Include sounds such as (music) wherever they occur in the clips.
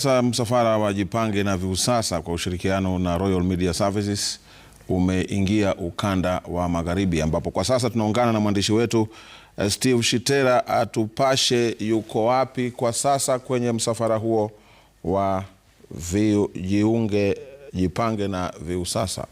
Sasa msafara wa Jipange na Viusasa kwa ushirikiano na Royal Media Services umeingia ukanda wa Magharibi, ambapo kwa sasa tunaungana na mwandishi wetu eh, Steve Shitera atupashe yuko wapi kwa sasa kwenye msafara huo wa Jiunge, Jipange na Viusasa.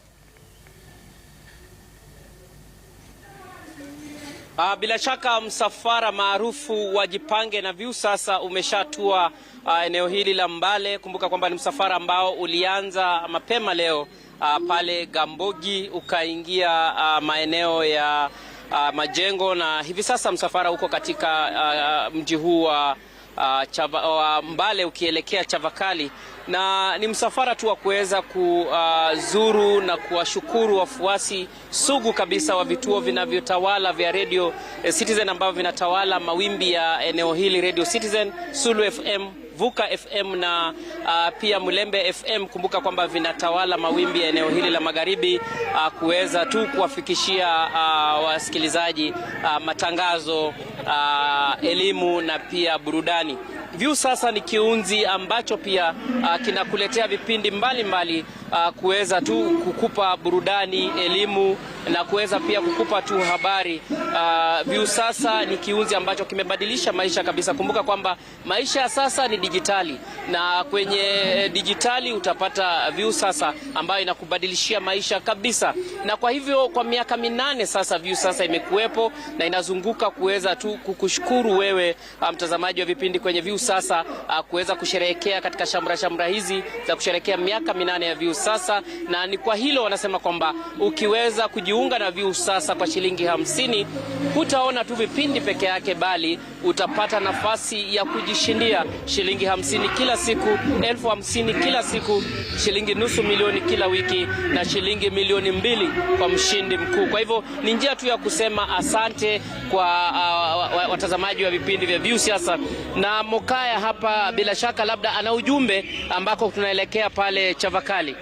Uh, bila shaka msafara maarufu wa Jipange na Vyu sasa umeshatua uh, eneo hili la Mbale. Kumbuka kwamba ni msafara ambao ulianza mapema leo uh, pale Gambogi ukaingia uh, maeneo ya uh, majengo na hivi sasa msafara uko katika uh, mji huu wa uh, uh, chava, uh, Mbale ukielekea Chavakali, na ni msafara tu wa kuweza kuzuru uh, na kuwashukuru wafuasi sugu kabisa wa vituo vinavyotawala vya Radio Citizen ambavyo vinatawala mawimbi ya eneo hili, Radio Citizen, Sulu FM Vuka FM na uh, pia Mlembe FM. Kumbuka kwamba vinatawala mawimbi ya eneo hili la magharibi uh, kuweza tu kuwafikishia uh, wasikilizaji uh, matangazo uh, elimu na pia burudani. View sasa ni kiunzi ambacho pia uh, kinakuletea vipindi mbalimbali mbali, uh, kuweza tu kukupa burudani, elimu na kuweza pia kukupa tu habari. Uh, ah, Viusasa ni kiunzi ambacho kimebadilisha maisha kabisa. Kumbuka kwamba maisha ya sasa ni dijitali, na kwenye eh, dijitali utapata Viusasa ambayo inakubadilishia maisha kabisa. Na kwa hivyo kwa miaka minane sasa Viusasa imekuwepo na inazunguka kuweza tu kukushukuru wewe ah, mtazamaji wa vipindi kwenye Viusasa uh, kuweza kusherehekea katika shamra shamra hizi za kusherehekea miaka minane ya Viusasa. Viusasa, na ni kwa hilo wanasema kwamba ukiweza kujiunga na Viusasa kwa shilingi hamsini hutaona tu vipindi peke yake, bali utapata nafasi ya kujishindia shilingi hamsini kila siku, elfu hamsini kila siku, shilingi nusu milioni kila wiki na shilingi milioni mbili kwa mshindi mkuu. Kwa hivyo ni njia tu ya kusema asante kwa uh, watazamaji wa vipindi vya Viusasa na Mokaya hapa, bila shaka labda ana ujumbe ambako tunaelekea pale Chavakali.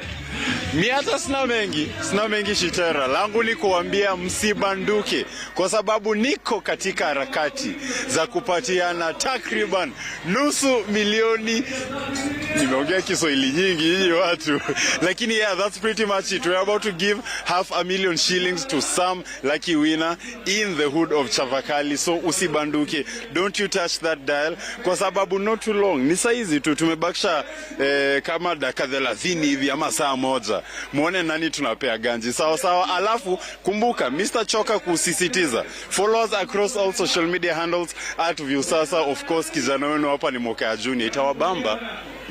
Mi hata sina mengi, sina mengi Shitera, langu ni kuambia msibanduke, kwa sababu niko katika harakati za kupatiana takriban nusu milioni. Nimeongea Kiswahili nyingi hii watu lakini yeah, that's pretty much it. We're about to give half a million shillings to some lucky winner in the hood of Chavakali, so usibanduke, don't you touch that dial, kwa sababu not too long, ni saizi tu tumebakisha eh, kama dakika 30 hivi ama saa moja kwanza, muone nani tunapea ganji sawa sawa. Alafu kumbuka, Mr Choka kusisitiza follow us across all social media handles at Viusasa. Of course, kijana wenu hapa ni Mokaya Junior, itawabamba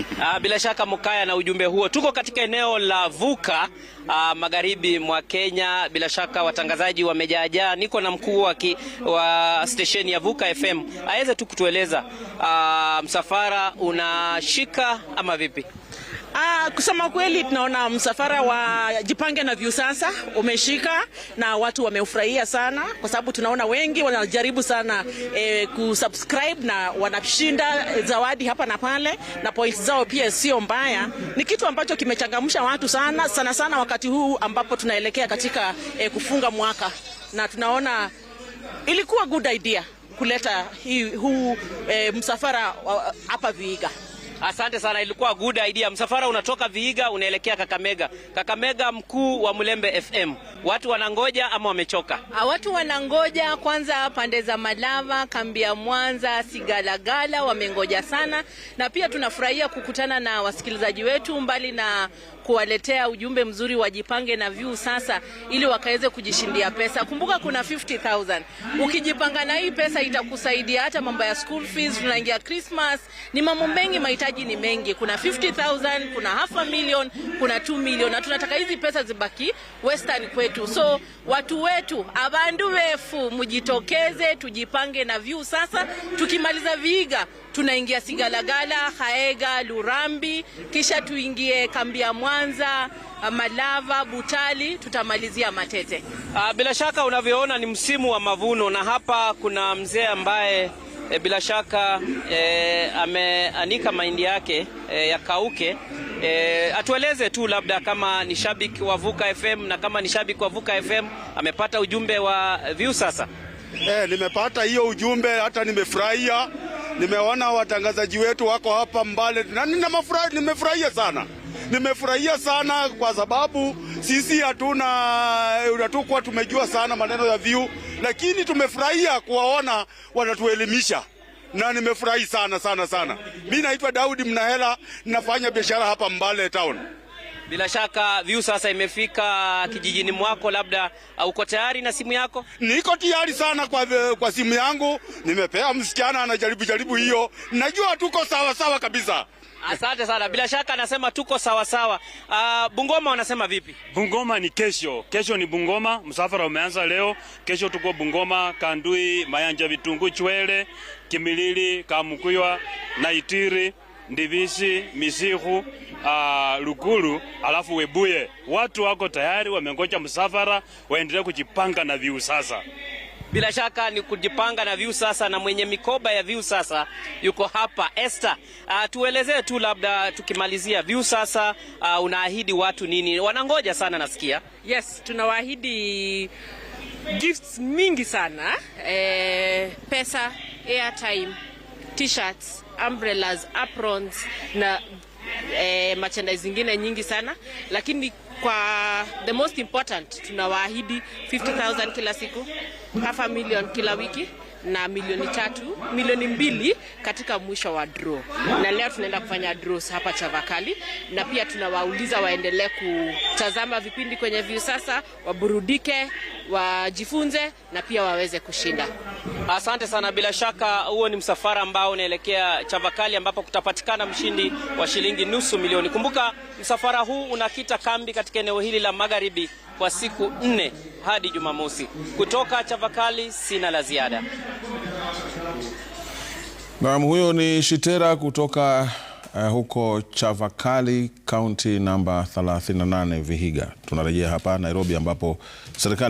(laughs) ah, bila shaka Mokaya na ujumbe huo. Tuko katika eneo la Vuka uh, magharibi mwa Kenya. Bila shaka watangazaji wamejaajaa. Niko na mkuu wa, wa stesheni ya Vuka FM aweze tu kutueleza uh, msafara unashika ama vipi? Ah, kusema kweli tunaona msafara wa Jipange na sasa umeshika na watu wamefurahia sana kwa sababu tunaona wengi wanajaribu sana e, kusubscribe na wanashinda zawadi hapa na pale na points zao pia sio mbaya. Ni kitu ambacho kimechangamsha watu sana sana sana wakati huu ambapo tunaelekea katika e, kufunga mwaka na tunaona ilikuwa good idea kuleta hii, huu e, msafara hapa Vihiga. Asante sana, ilikuwa good idea. Msafara unatoka Vihiga unaelekea Kakamega. Kakamega mkuu wa Mulembe FM, watu wanangoja ama wamechoka? A, ah, Watu wanangoja kwanza, pande za Malava, kambi ya Mwanza, Sigalagala wamengoja sana, na pia tunafurahia kukutana na wasikilizaji wetu, mbali na kuwaletea ujumbe mzuri, wajipange na view sasa, ili wakaweze kujishindia pesa. Kumbuka kuna 50000 ukijipanga na hii pesa itakusaidia hata mambo ya school fees, tunaingia Christmas, ni mambo mengi mahitaji mahitaji ni mengi, kuna 50000 kuna half a million, kuna 2 million, na tunataka hizi pesa zibaki western kwetu. So watu wetu abandu wefu mujitokeze, tujipange na vyu sasa. Tukimaliza viiga tunaingia Sigalagala, Haega, Lurambi, kisha tuingie kambi ya Mwanza, Malava, Butali, tutamalizia Matete. Ah, bila shaka unavyoona ni msimu wa mavuno, na hapa kuna mzee ambaye e, bila shaka e, ameanika mahindi yake e, yakauke. E, atueleze tu labda kama ni shabiki wa Vuka FM na kama ni shabiki wa Vuka FM amepata ujumbe wa sasa. E, nimepata hiyo ujumbe, hata nimefurahia, nimeona watangazaji wetu wako hapa Mbale na nimefurahia sana, nimefurahia sana kwa sababu sisi hatuna hatukuwa tumejua sana maneno ya vyuu, lakini tumefurahia kuwaona wanatuelimisha na nimefurahi sana sana sana. Mi naitwa Daudi Mnahela, nafanya biashara hapa Mbale Town. Bila shaka Viu sasa imefika kijijini mwako, labda uh, uko tayari na simu yako? Niko tayari sana kwa, eh, kwa simu yangu nimepea msichana anajaribu jaribu hiyo, najua tuko sawa sawa kabisa. Asante sana. Bila shaka anasema tuko sawa sawa. Uh, Bungoma wanasema vipi? Bungoma ni kesho. Kesho ni Bungoma, msafara umeanza leo. Kesho tuko Bungoma, Kandui, Mayanja, Vitungu, Chwele, Kimilili, Kamukuywa na Itiri ndivisi Misihu, uh, Lukuru, alafu Webuye. Watu wako tayari, wamengoja msafara, waendelee kujipanga na viu sasa. Bila shaka ni kujipanga na viu sasa, na mwenye mikoba ya viu sasa yuko hapa Esther. Uh, tuelezee tu labda tukimalizia viu sasa, uh, unaahidi watu nini? Wanangoja sana nasikia. Yes, tunawaahidi gifts mingi sana eh, pesa, airtime, t-shirts umbrellas, aprons na eh, merchandise zingine nyingi sana, lakini kwa the most important tunawaahidi 50000 kila siku, half a million kila wiki na milioni tatu milioni mbili katika mwisho wa draw, na leo tunaenda kufanya draws hapa Chavakali, na pia tunawauliza waendelee kutazama vipindi kwenye Viusasa, waburudike, wajifunze na pia waweze kushinda. Asante sana. Bila shaka huo ni msafara ambao unaelekea Chavakali ambapo kutapatikana mshindi wa shilingi nusu milioni. Kumbuka msafara huu unakita kambi katika eneo hili la magharibi kwa siku nne hadi Jumamosi. Kutoka Chavakali sina la ziada. Naam, huyo ni Shitera kutoka uh, huko Chavakali kaunti namba 38 Vihiga. Tunarejea hapa Nairobi ambapo serikali